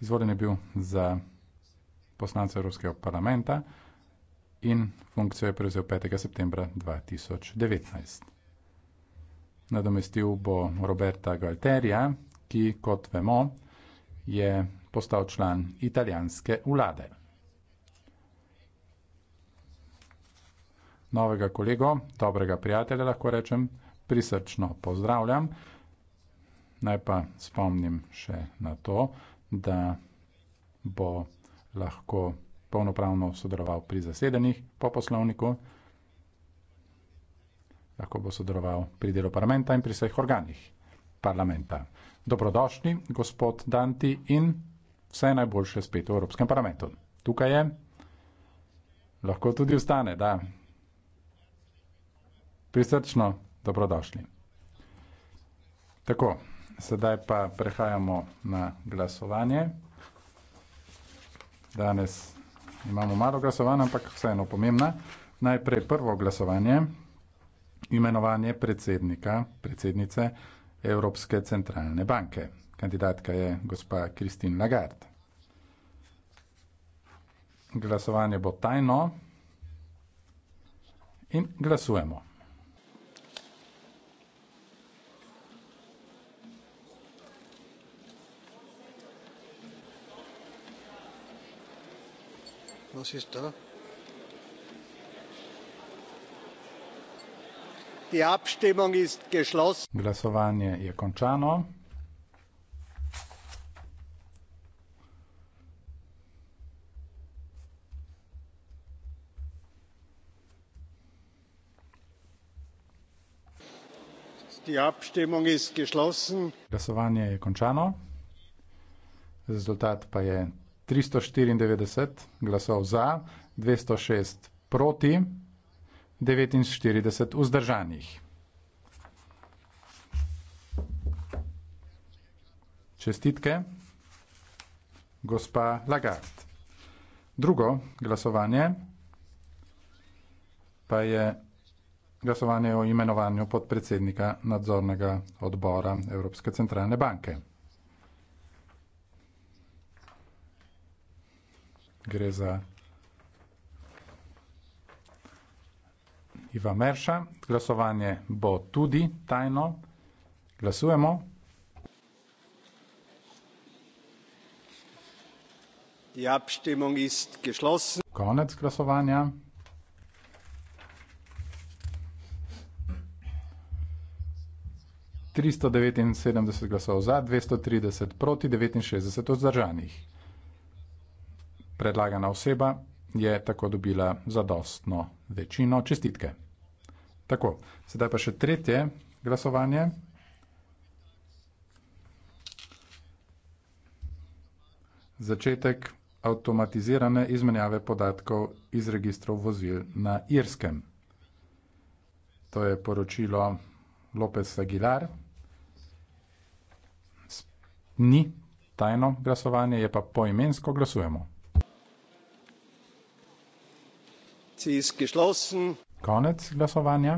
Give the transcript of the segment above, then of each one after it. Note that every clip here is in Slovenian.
Izvoljen je bil za poslanca Evropskega parlamenta in funkcijo je prevzel 5. septembra 2019. Nadomestil bo Roberta Galterija, ki, kot vemo, je postal član italijanske vlade. Novega kolego, dobrega prijatelja lahko rečem, prisrčno pozdravljam. Naj pa spomnim še na to, da da bo lahko polnopravno sodeloval pri zasedanjih po poslovniku, lahko bo sodeloval pri delu parlamenta in pri vseh organih parlamenta. Dobrodošli, gospod Danti, in vse najboljše spet v Evropskem parlamentu. Tukaj je, lahko tudi ustane, da. Prisrčno, dobrodošli. Tako. Sedaj pa prehajamo na glasovanje. Danes imamo malo glasovanja, ampak vseeno pomembna. Najprej prvo glasovanje, imenovanje predsednika, predsednice Evropske centralne banke. Kandidatka je gospa Kristin Lagarde. Glasovanje bo tajno in glasujemo. prosim to. No, Die Abstimmung ist geschlossen. Glasovanje je končano. Die Abstimmung ist geschlossen. Glasovanje je končano. Rezultat pa je 394 glasov za, 206 proti, 49 vzdržanih. Čestitke, gospa Lagarde. Drugo glasovanje pa je glasovanje o imenovanju podpredsednika nadzornega odbora Evropske centralne banke. gre za Iva Merša. Glasovanje bo tudi tajno. Glasujemo. Die Abstimmung ist geschlossen. Konec glasovanja. tristo devetinsedemdeset glasov za, dvesto trideset proti, devetinšestdeset vzdržanih. Predlagana oseba je tako dobila zadostno večino čestitke. Tako, sedaj pa še tretje glasovanje. Začetek avtomatizirane izmenjave podatkov iz registrov vozil na Irskem. To je poročilo López Aguilar. Ni tajno glasovanje, je pa poimensko glasujemo. Sie ist geschlossen. Konec glasovanja.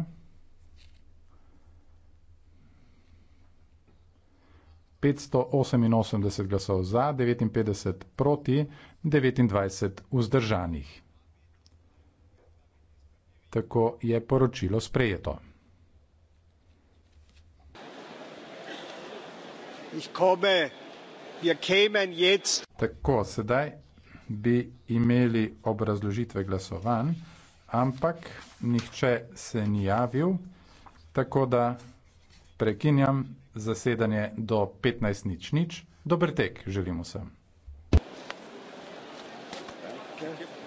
Petsto oseminosemdeset glasov za, devetinpetdeset proti, devetindvajset vzdržanih. Tako je poročilo sprejeto. Ich komme, wir kämen jetzt. Tako, sedaj bi imeli obrazložitve glasovanj, ampak nihče se ni javil, tako da prekinjam zasedanje do 15.00. Dobr tek želimo vsem. Thank you.